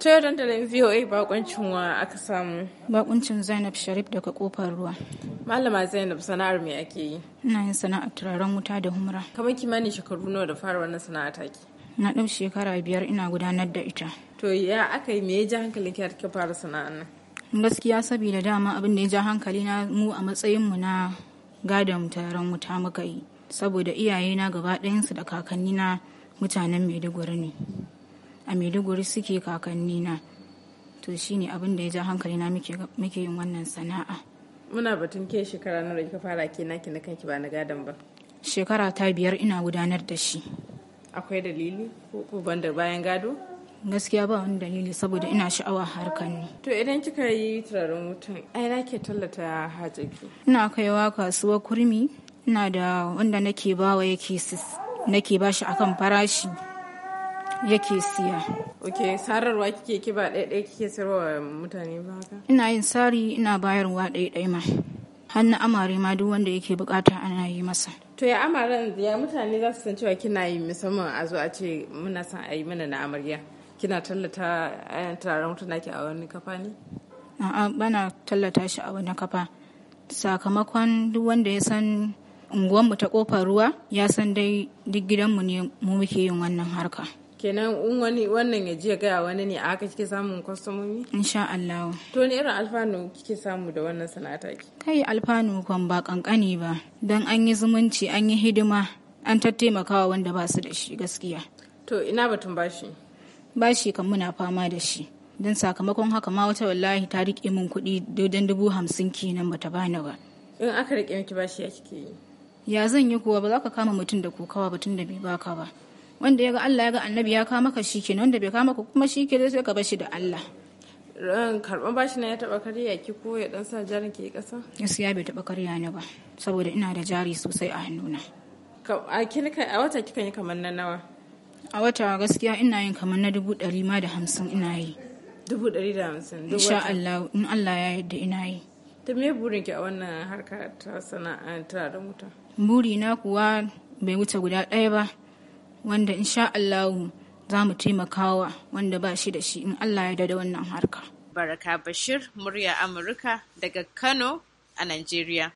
Ta dandalin VOA bakuncin wa aka samu. Bakuncin Zainab Sharif daga kofar ruwa. Malama Zainab sana'ar me ake yi? Ina yin sana'ar turaren wuta da humra. Kamar kimanin shekaru nawa da fara wannan sana'a take? Na ɗau shekara biyar ina gudanar da ita. To ya aka yi me ya ji hankalin ki ka fara sana'ar nan? Gaskiya saboda dama abin da ya ja hankali na mu a matsayin mu na gadon taron wuta muka yi. Saboda iyayena gaba ɗayansu da kakannina mutanen Maiduguri ne. a maiduguri suke kakannina to shine abin da ya ja hankali na muke yin wannan sana'a muna batun ke shekara nawa kika fara ke naki na kanki ba na gadon ba shekara ta biyar ina gudanar da shi akwai dalili ko da bayan gado gaskiya ba wani dalili saboda ina sha'awa harkar ne to idan kika yi turaren wutan ai na ke tallata hajjaki ina kaiwa kasuwa kurmi ina da wanda nake bawa yake nake bashi akan farashi yake siya. Ok, sararwa kike ki ba ɗaya ɗaya kike sarwa mutane ba haka? Ina yin sari ina bayarwa ɗaya ɗaya ma. Hannu amare ma duk wanda yake bukata ana yi masa. To ya amaren ya mutane za su san cewa kina yi musamman a zo a ce muna son a yi mana na amarya. Kina tallata ayan eh, turaren wuta naki a wani kafa ne? A'a bana tallata shi a wani kafa. Sakamakon duk wanda ya san unguwanmu ta kofar ruwa ya san dai duk gidanmu ne mu muke yin wannan harka. kenan in wani wannan ya je gaya wani ne a haka kike samun kwastomomi insha Allah to ne irin alfanu kike samu da wannan sana'ata ki kai alfanu kan ba kankani ba dan an yi zumunci an yi hidima an tattaimakawa wanda ba su da shi gaskiya to ina batun bashi bashi kan muna fama da shi dan sakamakon haka ma wata wallahi ta rike min kuɗi dodon dubu hamsin kenan bata bani ba in aka rike miki bashi ya kike yi ya zan yi kuwa ba za ka kama mutum da kokawa tun da bai baka ba wanda ya ga Allah ya ga annabi ya kama ka shi kenan wanda bai kama ka kuma shi kenan sai ka bar shi da Allah karban bashi na ya taba karya ki ko ya dan sa jarin ki kasa gaskiya bai taba karya ni ba saboda ina da jari sosai a hannuna a kika a wata kika yi kamar na nawa a wata gaskiya ina yin kamar na dubu ɗari ma da hamsin ina yi dubu da hamsin insha Allah in Allah ya yarda ina yi ta me burin ki a wannan harka ta sana'a ta da wuta buri na kuwa bai wuce guda ɗaya ba wanda insha Allahu za mu taimakawa wanda ba shi da shi in Allah ya da wannan harka. Baraka Bashir, murya Amurka daga Kano a Najeriya.